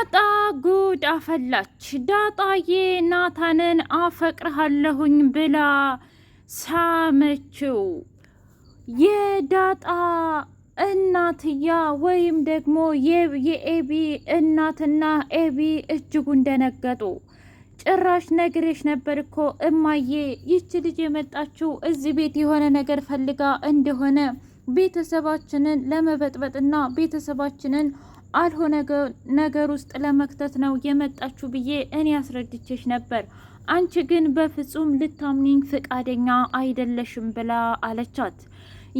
ዳጣ ጉድ አፈላች። ዳጣዬ ናታንን አፈቅርሃለሁኝ ብላ ሳመችው። የዳጣ እናትያ ወይም ደግሞ የኤቢ እናትና ኤቢ እጅጉ እንደነገጡ ጭራሽ ነግሬሽ ነበር እኮ እማዬ፣ ይች ልጅ የመጣችው እዚህ ቤት የሆነ ነገር ፈልጋ እንደሆነ ቤተሰባችንን ለመበጥበጥና ቤተሰባችንን አልሆነ ነገር ውስጥ ለመክተት ነው የመጣችሁ ብዬ እኔ አስረድቼሽ ነበር። አንቺ ግን በፍጹም ልታምኒኝ ፈቃደኛ አይደለሽም ብላ አለቻት።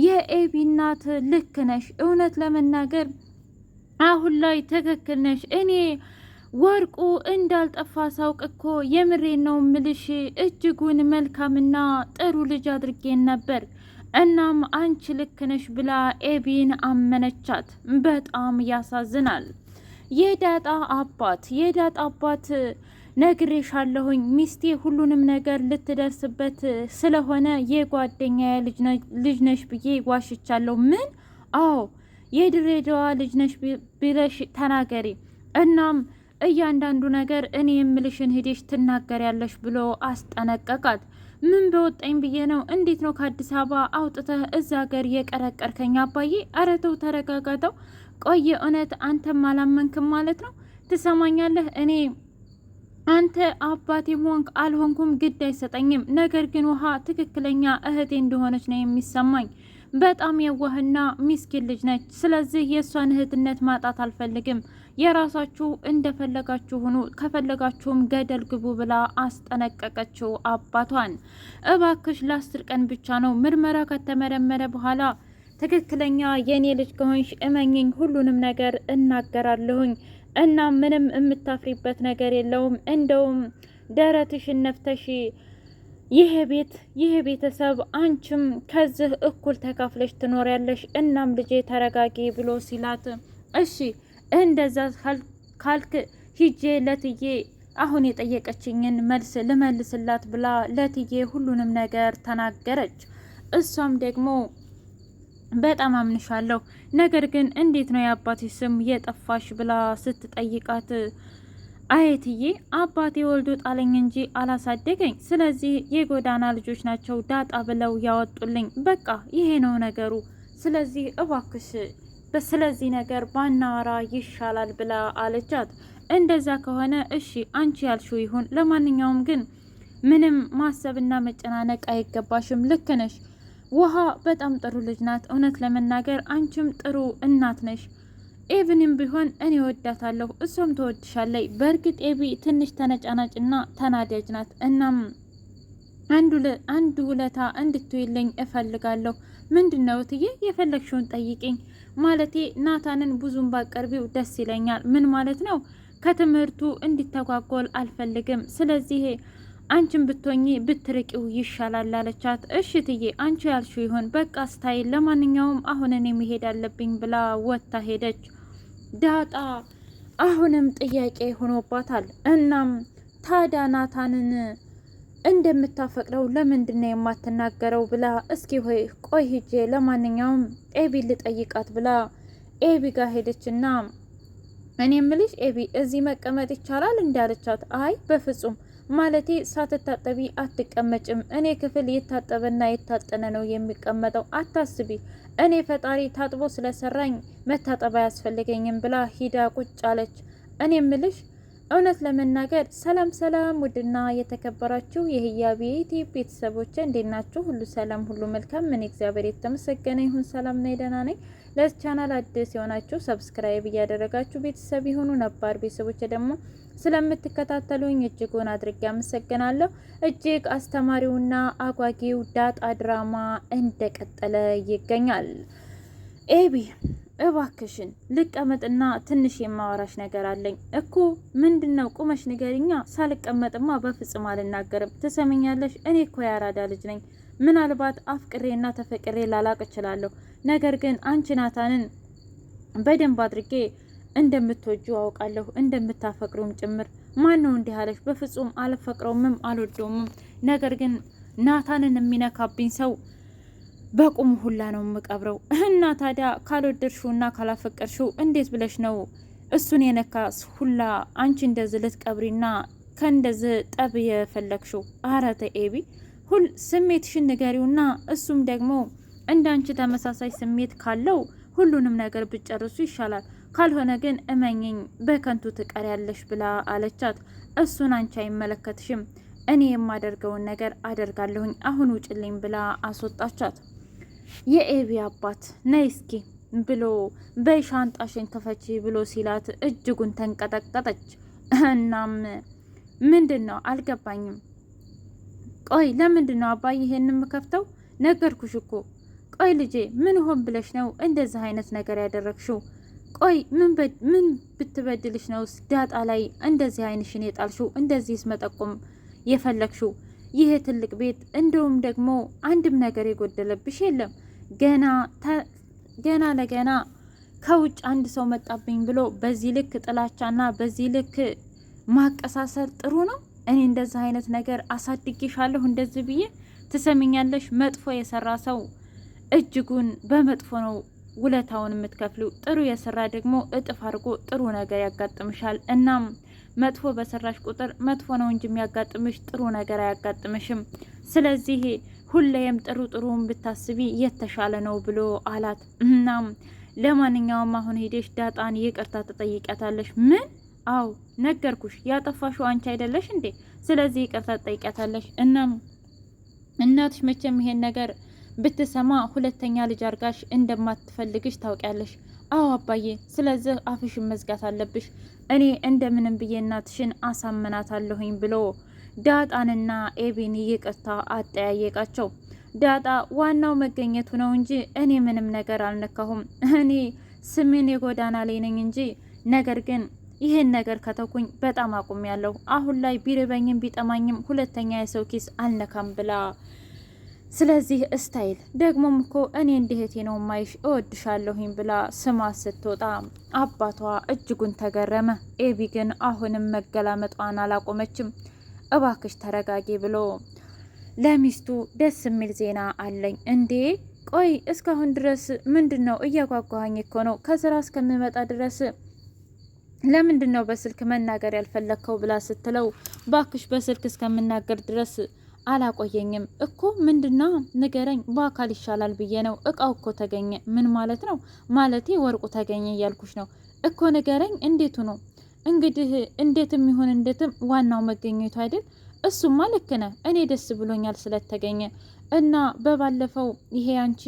የኤቢ እናት ልክ ነሽ፣ እውነት ለመናገር አሁን ላይ ትክክል ነሽ። እኔ ወርቁ እንዳልጠፋ ሳውቅ እኮ የምሬ ነው ምልሽ እጅጉን መልካምና ጥሩ ልጅ አድርጌን ነበር እናም አንቺ ልክ ነሽ ብላ ኤቢን አመነቻት። በጣም ያሳዝናል። የዳጣ አባት የዳጣ አባት ነግሬሻለሁኝ ሚስቴ ሁሉንም ነገር ልትደርስበት ስለሆነ የጓደኛዬ ልጅ ነሽ ብዬ ዋሽቻለሁ። ምን? አዎ የድሬዳዋ ልጅ ነሽ ብለሽ ተናገሪ። እናም እያንዳንዱ ነገር እኔ የምልሽን ሂደሽ ትናገሪያለሽ ብሎ አስጠነቀቃት። ምን በወጣኝ ብዬ ነው? እንዴት ነው ከአዲስ አበባ አውጥተህ እዛ ሀገር የቀረቀርከኝ? አባዬ ኧረ ተው ተረጋጋተው። ቆየ እውነት አንተም አላመንክም ማለት ነው? ትሰማኛለህ እኔ አንተ አባቴ ሆንክ አልሆንኩም ግድ አይሰጠኝም። ነገር ግን ውሃ ትክክለኛ እህቴ እንደሆነች ነው የሚሰማኝ። በጣም የዋህና ሚስኪን ልጅ ነች። ስለዚህ የእሷን እህትነት ማጣት አልፈልግም። የራሳችሁ እንደፈለጋችሁ ሁኑ፣ ከፈለጋችሁም ገደል ግቡ ብላ አስጠነቀቀችው አባቷን። እባክሽ ለአስር ቀን ብቻ ነው ምርመራ ከተመረመረ በኋላ ትክክለኛ የእኔ ልጅ ከሆንሽ እመኝኝ ሁሉንም ነገር እናገራለሁኝ እና ምንም የምታፍሪበት ነገር የለውም። እንደውም ደረትሽን ነፍተሽ ይሄ ቤት ይሄ ቤተሰብ አንቺም ከዚህ እኩል ተካፍለሽ ትኖሪያለሽ። እናም ልጄ ተረጋጊ ብሎ ሲላት እሺ እንደዛ ካልክ ሂጄ ለትዬ አሁን የጠየቀችኝን መልስ ልመልስላት ብላ ለትዬ ሁሉንም ነገር ተናገረች። እሷም ደግሞ በጣም አምንሻለሁ፣ ነገር ግን እንዴት ነው የአባቴ ስም የጠፋሽ ብላ ስትጠይቃት አየትዬ አባቴ ወልዶ ጣለኝ እንጂ አላሳደገኝ። ስለዚህ የጎዳና ልጆች ናቸው ዳጣ ብለው ያወጡልኝ። በቃ ይሄ ነው ነገሩ። ስለዚህ እባክሽ በስለዚህ ነገር ባናወራ ይሻላል ብላ አለቻት። እንደዛ ከሆነ እሺ አንቺ ያልሽው ይሁን። ለማንኛውም ግን ምንም ማሰብና መጨናነቅ አይገባሽም። ልክ ነሽ። ውሃ በጣም ጥሩ ልጅ ናት። እውነት ለመናገር አንቺም ጥሩ እናት ነሽ። ኤብንም ቢሆን እኔ ወዳታለሁ፣ እሷም ተወድሻለይ። በእርግጥ ኤቪ ትንሽ ተነጫናጭና ተናዳጅ ናት። እናም አንድ ውለታ እንድትይልኝ እፈልጋለሁ። ምንድን ነው ትዬ የፈለግሽውን ጠይቅኝ ማለቴ ናታንን ብዙም ባቀርቢው ደስ ይለኛል። ምን ማለት ነው? ከትምህርቱ እንዲተጓጎል አልፈልግም። ስለዚህ አንቺን ብትሆኚ ብትርቂው ይሻላል አለቻት። እሽትዬ ትዬ አንቺ ያልሽው ይሆን በቃ ስታይል፣ ለማንኛውም አሁን እኔ መሄድ አለብኝ ብላ ወጥታ ሄደች። ዳጣ አሁንም ጥያቄ ሆኖባታል። እናም ታዲያ ናታንን እንደምታፈቅረው ለምንድን ነው የማትናገረው ብላ እስኪ ሆይ ቆይ ሂጄ ለማንኛውም ኤቢ ልጠይቃት ብላ ኤቢ ጋር ሄደችና እኔ ምልሽ ኤቢ እዚህ መቀመጥ ይቻላል እንዳለቻት፣ አይ በፍጹም ማለቴ ሳትታጠቢ አትቀመጭም። እኔ ክፍል የታጠበና የታጠነ ነው የሚቀመጠው። አታስቢ፣ እኔ ፈጣሪ ታጥቦ ስለሰራኝ መታጠብ አያስፈልገኝም ብላ ሂዳ ቁጭ አለች። እኔ ምልሽ እውነት ለመናገር ሰላም ሰላም፣ ውድና የተከበራችሁ የህያ ቤት ቤተሰቦች እንዴት ናችሁ? ሁሉ ሰላም፣ ሁሉ መልካም። ምን እግዚአብሔር የተመሰገነ ይሁን። ሰላም ና ደህና ነኝ። ለዚህ ቻናል አዲስ የሆናችሁ ሰብስክራይብ እያደረጋችሁ ቤተሰብ የሆኑ ነባር ቤተሰቦች ደግሞ ስለምትከታተሉኝ እጅጉን አድርጌ አመሰግናለሁ። እጅግ አስተማሪውና አጓጊው ዳጣ ድራማ እንደቀጠለ ይገኛል። ኤቢ እባክሽን ልቀመጥና ትንሽ የማወራሽ ነገር አለኝ እኮ። ምንድን ነው ቁመሽ ንገሪኛ። ሳልቀመጥማ በፍጹም አልናገርም። ትሰምኛለሽ? እኔ እኮ ያራዳ ልጅ ነኝ። ምናልባት አፍቅሬና ተፈቅሬ ላላቅ እችላለሁ። ነገር ግን አንቺ ናታንን በደንብ አድርጌ እንደምትወጁ አውቃለሁ፣ እንደምታፈቅሩም ጭምር። ማን ነው እንዲህ አለሽ? በፍጹም አልፈቅረውምም አልወደውምም። ነገር ግን ናታንን የሚነካብኝ ሰው በቁም ሁላ ነው የምቀብረው። እና ታዲያ ካልወደድሽው እና ካላፈቀድሽው እንዴት ብለሽ ነው እሱን የነካስ ሁላ አንቺ እንደዚህ ልትቀብሪና ከእንደዚህ ጠብ የፈለግሽው? አረ ተይ ኤቢ፣ ሁል ስሜትሽን ንገሪውና እሱም ደግሞ እንደ አንቺ ተመሳሳይ ስሜት ካለው ሁሉንም ነገር ብጨርሱ ይሻላል። ካልሆነ ግን እመኝኝ በከንቱ ትቀሪያለሽ ብላ አለቻት። እሱን አንቺ አይመለከትሽም፣ እኔ የማደርገውን ነገር አደርጋለሁኝ፣ አሁን ውጭልኝ ብላ አስወጣቻት። የኤቢ አባት ነይ እስኪ ብሎ በሻንጣሽን ክፈቺ ብሎ ሲላት እጅጉን ተንቀጠቀጠች። እናም ምንድን ነው አልገባኝም። ቆይ ለምንድን ነው አባዬ ይሄን የምከፍተው? ነገርኩሽ እኮ። ቆይ ልጄ ምን ሆን ብለሽ ነው እንደዚህ አይነት ነገር ያደረግሽው? ቆይ ምን ብትበድልሽ ነው ዳጣ ላይ እንደዚህ አይንሽን የጣልሽው? እንደዚህስ መጠቆም የፈለግሽው? ይህ ትልቅ ቤት እንደውም ደግሞ አንድም ነገር የጎደለብሽ የለም። ገና ገና ለገና ከውጭ አንድ ሰው መጣብኝ ብሎ በዚህ ልክ ጥላቻና በዚህ ልክ ማቀሳሰል ጥሩ ነው? እኔ እንደዚህ አይነት ነገር አሳድጌሻለሁ እንደዚህ ብዬ ትሰሚኛለሽ። መጥፎ የሰራ ሰው እጅጉን በመጥፎ ነው ውለታውን የምትከፍሉ ጥሩ የሰራ ደግሞ እጥፍ አድርጎ ጥሩ ነገር ያጋጥምሻል። እናም መጥፎ በሰራሽ ቁጥር መጥፎ ነው እንጂ የሚያጋጥምሽ ጥሩ ነገር አያጋጥምሽም። ስለዚህ ሁሌም ጥሩ ጥሩን ብታስቢ የተሻለ ነው ብሎ አላት። እናም ለማንኛውም አሁን ሄደሽ ዳጣን ይቅርታ ትጠይቂያታለሽ። ምን? አዎ ነገርኩሽ፣ ያጠፋሽው አንቺ አይደለሽ እንዴ? ስለዚህ ይቅርታ ትጠይቂያታለሽ። እናም እናትሽ መቼም ይሄን ነገር ብትሰማ ሁለተኛ ልጅ አርጋሽ እንደማትፈልግሽ ታውቂያለሽ። አዎ አባዬ፣ ስለዚህ አፍሽን መዝጋት አለብሽ። እኔ እንደምንም ብዬ እናትሽን አሳመናታለሁኝ ብሎ ዳጣንና ኤቢን ይቅርታ አጠያየቃቸው። ዳጣ ዋናው መገኘቱ ነው እንጂ እኔ ምንም ነገር አልነካሁም። እኔ ስሜን የጎዳና ላይ ነኝ እንጂ ነገር ግን ይህን ነገር ከተኩኝ በጣም አቁሚያለሁ አሁን ላይ ቢርበኝም ቢጠማኝም ሁለተኛ የሰው ኪስ አልነካም ብላ ስለዚህ እስታይል ደግሞም እኮ እኔ እንደ ነው ማይሽ እወድሻለሁኝ ብላ ስማ ስትወጣ አባቷ እጅጉን ተገረመ። ኤቢ ግን አሁንም መገላመጧን አላቆመችም። እባክሽ ተረጋጊ ብሎ ለሚስቱ ደስ የሚል ዜና አለኝ። እንዴ ቆይ እስካሁን ድረስ ምንድን ነው እያጓጓኝ እኮ ነው ከስራ እስከምመጣ ድረስ ለምንድን ነው በስልክ መናገር ያልፈለግከው ብላ ስትለው ባክሽ በስልክ እስከምናገር ድረስ አላቆየኝም እኮ ምንድና ንገረኝ፣ በአካል ይሻላል ብዬ ነው። እቃው እኮ ተገኘ። ምን ማለት ነው? ማለቴ ወርቁ ተገኘ እያልኩሽ ነው እኮ ንገረኝ። እንዴቱ ነው እንግዲህ እንዴትም ይሁን እንዴትም ዋናው መገኘቱ አይደል? እሱማ ልክ ነህ። እኔ ደስ ብሎኛል ስለተገኘ እና በባለፈው ይሄ አንቺ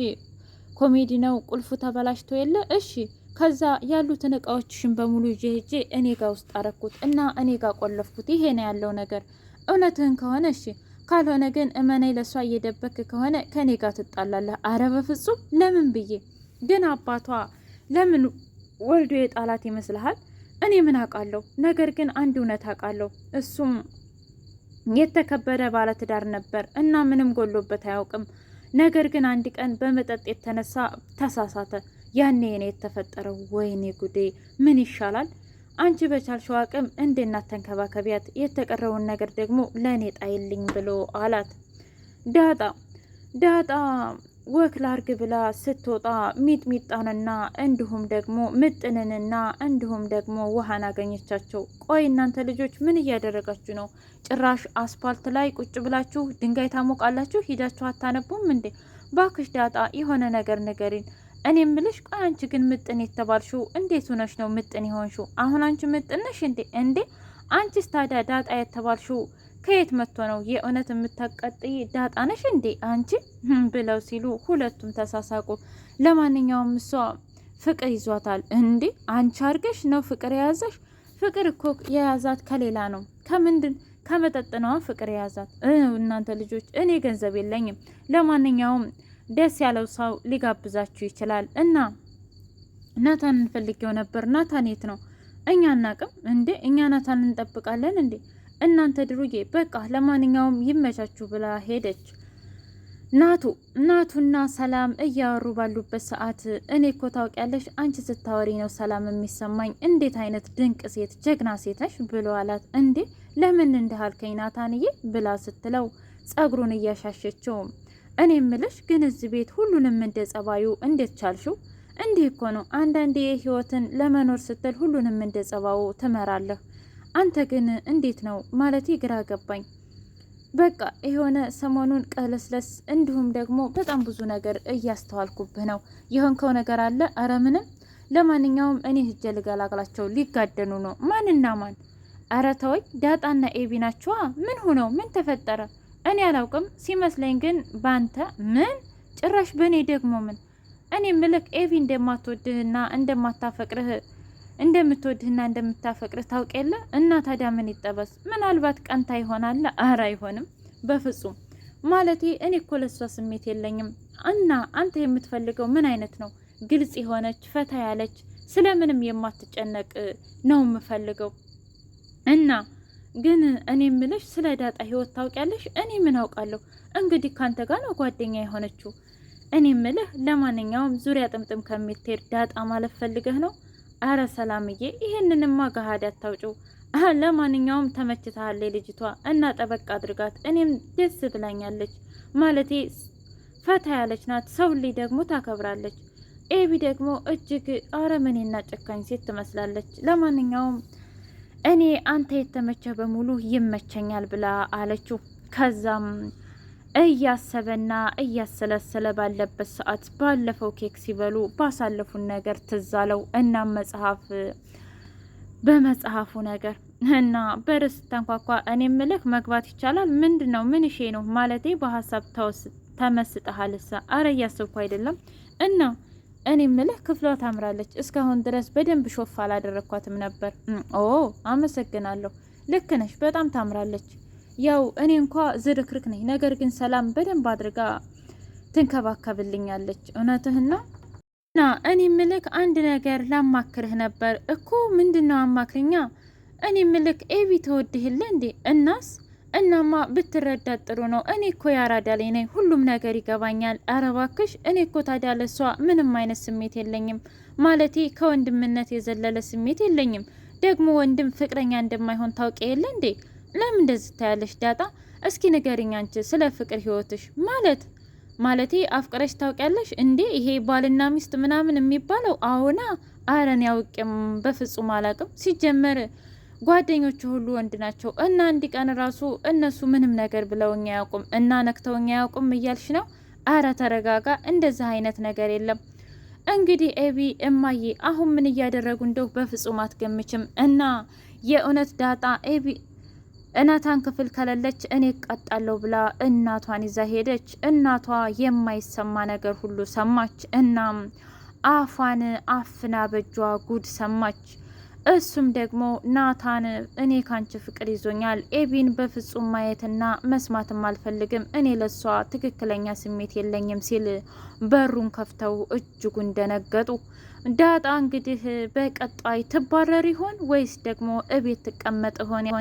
ኮሜዲ ነው ቁልፉ ተበላሽቶ የለ እሺ። ከዛ ያሉትን እቃዎችሽን በሙሉ ይዤ ሄጄ እኔ ጋ ውስጥ አረኩት እና እኔ ጋ ቆለፍኩት። ይሄ ነው ያለው ነገር። እውነትህን ከሆነ እሺ ካልሆነ ግን እመናይ ለእሷ እየደበክ ከሆነ ከኔ ጋር ትጣላለህ። አረ በፍጹም ለምን ብዬ ግን አባቷ ለምን ወልዶ የጣላት ይመስልሃል? እኔ ምን አውቃለሁ። ነገር ግን አንድ እውነት አውቃለሁ። እሱም የተከበረ ባለትዳር ነበር እና ምንም ጎሎበት አያውቅም። ነገር ግን አንድ ቀን በመጠጥ የተነሳ ተሳሳተ። ያኔ እኔ የተፈጠረው ወይኔ ጉዴ! ምን ይሻላል አንቺ በቻልሽው አቅም እንዴናት ተንከባከቢያት፣ የተቀረውን ነገር ደግሞ ለእኔ ጣይልኝ ብሎ አላት። ዳጣ ዳጣ ወክ ላርግ ብላ ስትወጣ ሚጥሚጣንና እንዲሁም ደግሞ ምጥንንና እንዲሁም ደግሞ ውሃን አገኘቻቸው። ቆይ እናንተ ልጆች ምን እያደረጋችሁ ነው? ጭራሽ አስፓልት ላይ ቁጭ ብላችሁ ድንጋይ ታሞቃላችሁ። ሂዳችሁ አታነቡም እንዴ? ባክሽ ዳጣ የሆነ ነገር ንገሪን። እኔ ምልሽ ቆይ አንቺ ግን ምጥን የተባልሽው እንዴት ሆነሽ ነው ምጥን የሆንሽው? አሁን አንቺ ምጥንሽ እንዴ? እንዴ አንቺስ ታዲያ ዳጣ የተባልሽው ከየት መጥቶ ነው? የእውነት የምታቀጥይ ዳጣ ነሽ እንዴ አንቺ? ብለው ሲሉ ሁለቱም ተሳሳቁ። ለማንኛውም እሷ ፍቅር ይዟታል እንዴ? አንቺ አርገሽ ነው ፍቅር የያዘሽ? ፍቅር እኮ የያዛት ከሌላ ነው ከምንድን ከመጠጥ ነዋ ፍቅር የያዛት። እናንተ ልጆች እኔ ገንዘብ የለኝም። ለማንኛውም ደስ ያለው ሰው ሊጋብዛችሁ ይችላል። እና ናታን እንፈልጌው ነበር። ናታን የት ነው? እኛ አናቅም እንዴ? እኛ ናታን እንጠብቃለን እንዴ? እናንተ ድሩዬ፣ በቃ ለማንኛውም ይመቻችሁ ብላ ሄደች። ናቱ ናቱና ሰላም እያወሩ ባሉበት ሰዓት እኔ እኮ ታውቂያለሽ፣ አንቺ ስታወሪ ነው ሰላም የሚሰማኝ። እንዴት አይነት ድንቅ ሴት፣ ጀግና ሴተሽ ብሎ አላት። እንዴ ለምን እንዲህ አልከኝ ናታንዬ ብላ ስትለው ጸጉሩን እያሻሸችውም እኔ የምልሽ ግን እዚህ ቤት ሁሉንም እንደ ጸባዩ እንዴት ቻልሽው? እንዲህ እኮ ነው አንዳንዴ ህይወትን ለመኖር ስትል ሁሉንም እንደ ጸባዩ ትመራለህ። አንተ ግን እንዴት ነው ማለት ግራ ገባኝ። በቃ የሆነ ሰሞኑን ቀለስለስ እንዲሁም ደግሞ በጣም ብዙ ነገር እያስተዋልኩብህ ነው። የሆንከው ነገር አለ። አረ ምንም። ለማንኛውም እኔ ህጀ ልገላግላቸው። ሊጋደኑ ነው። ማንና ማን? አረ ተወኝ። ዳጣና ኤቢ ናቸዋ። ምን ሆነው? ምን ተፈጠረ? እኔ አላውቅም። ሲመስለኝ ግን ባንተ ምን ጭራሽ በእኔ ደግሞ ምን እኔ ምልክ ኤቪ እንደማትወድህና እንደማታፈቅርህ እንደምትወድህና እንደምታፈቅርህ ታውቅ የለ እና ታዲያ ምን ይጠበስ? ምናልባት ቀንታ ይሆናል። አረ አይሆንም፣ በፍጹም ማለቴ እኔ እኮ ለእሷ ስሜት የለኝም። እና አንተ የምትፈልገው ምን አይነት ነው? ግልጽ የሆነች ፈታ ያለች ስለምንም የማትጨነቅ ነው የምፈልገው እና ግን እኔ ምልሽ ስለ ዳጣ ህይወት ታውቂያለሽ? እኔ ምን አውቃለሁ? እንግዲህ ካንተ ጋር ነው ጓደኛ የሆነችው። እኔ ምልህ ለማንኛውም ዙሪያ ጥምጥም ከምትሄድ ዳጣ ማለት ፈልገህ ነው? አረ ሰላምዬ፣ ይህንንማ ገሃድ አታውጭው። ለማንኛውም ተመችታሃለ ልጅቷ እና ጠበቅ አድርጋት። እኔም ደስ ብላኛለች። ማለቴ ፈታ ያለች ናት። ሰው ልጅ ደግሞ ታከብራለች። ኤቢ ደግሞ እጅግ አረመኔና ጨካኝ ሴት ትመስላለች። ለማንኛውም እኔ አንተ የተመቸ በሙሉ ይመቸኛል ብላ አለችው። ከዛም እያሰበና እያሰላሰለ ባለበት ሰዓት ባለፈው ኬክ ሲበሉ ባሳለፉን ነገር ትዝ አለው። እናም መጽሐፍ በመጽሐፉ ነገር እና በር ተንኳኳ። እኔ ምልክ መግባት ይቻላል? ምንድን ነው ምን ሼ ነው ማለቴ፣ በሀሳብ ተመስጠሃልሳ? አረ እያሰብኩ አይደለም እና እኔ ምልህ ክፍሏ ታምራለች። እስካሁን ድረስ በደንብ ሾፍ አላደረግኳትም ነበር። ኦ አመሰግናለሁ። ልክ ነሽ፣ በጣም ታምራለች። ያው እኔ እንኳ ዝርክርክ ነኝ፣ ነገር ግን ሰላም በደንብ አድርጋ ትንከባከብልኛለች። እውነትህና ና እኔ ምልክ አንድ ነገር ላማክርህ ነበር እኮ። ምንድን ነው? አማክርኛ። እኔ ምልክ ኤቢ ተወድህለ እንዴ? እናስ እናማ ብትረዳት ጥሩ ነው። እኔ እኮ ያራዳ ላይ ነኝ፣ ሁሉም ነገር ይገባኛል። አረ እባክሽ፣ እኔ እኮ ታዲያ ለሷ ምንም አይነት ስሜት የለኝም፣ ማለቴ ከወንድምነት የዘለለ ስሜት የለኝም። ደግሞ ወንድም ፍቅረኛ እንደማይሆን ታውቂ የለ እንዴ? ለምን እንደዚህ ታያለሽ ዳጣ? እስኪ ንገሪኝ አንቺ ስለ ፍቅር ህይወትሽ ማለት ማለቴ አፍቅረሽ ታውቂያለሽ እንዴ? ይሄ ባልና ሚስት ምናምን የሚባለው አሁና አረን ያውቅም፣ በፍጹም አላቅም ሲጀመር ጓደኞቹ ሁሉ ወንድ ናቸው እና አንድ ቀን ራሱ እነሱ ምንም ነገር ብለውኝ አያውቁም እና ነክተውኝ አያውቁም እያልሽ ነው? አረ ተረጋጋ፣ እንደዚህ አይነት ነገር የለም። እንግዲህ ኤቢ እማዬ፣ አሁን ምን እያደረጉ እንደው በፍጹም አትገምችም። እና የእውነት ዳጣ ኤቢ እናታን ክፍል ከሌለች እኔ እቃጣለሁ ብላ እናቷን ይዛ ሄደች። እናቷ የማይሰማ ነገር ሁሉ ሰማች። እናም አፏን አፍና በጇ ጉድ ሰማች። እሱም ደግሞ ናታን እኔ ካንቺ ፍቅር ይዞኛል፣ ኤቢን በፍጹም ማየትና መስማትም አልፈልግም፣ እኔ ለሷ ትክክለኛ ስሜት የለኝም ሲል በሩን ከፍተው እጅጉን ደነገጡ። ዳጣ እንግዲህ በቀጣይ ትባረር ይሆን ወይስ ደግሞ እቤት ትቀመጥ ሆን?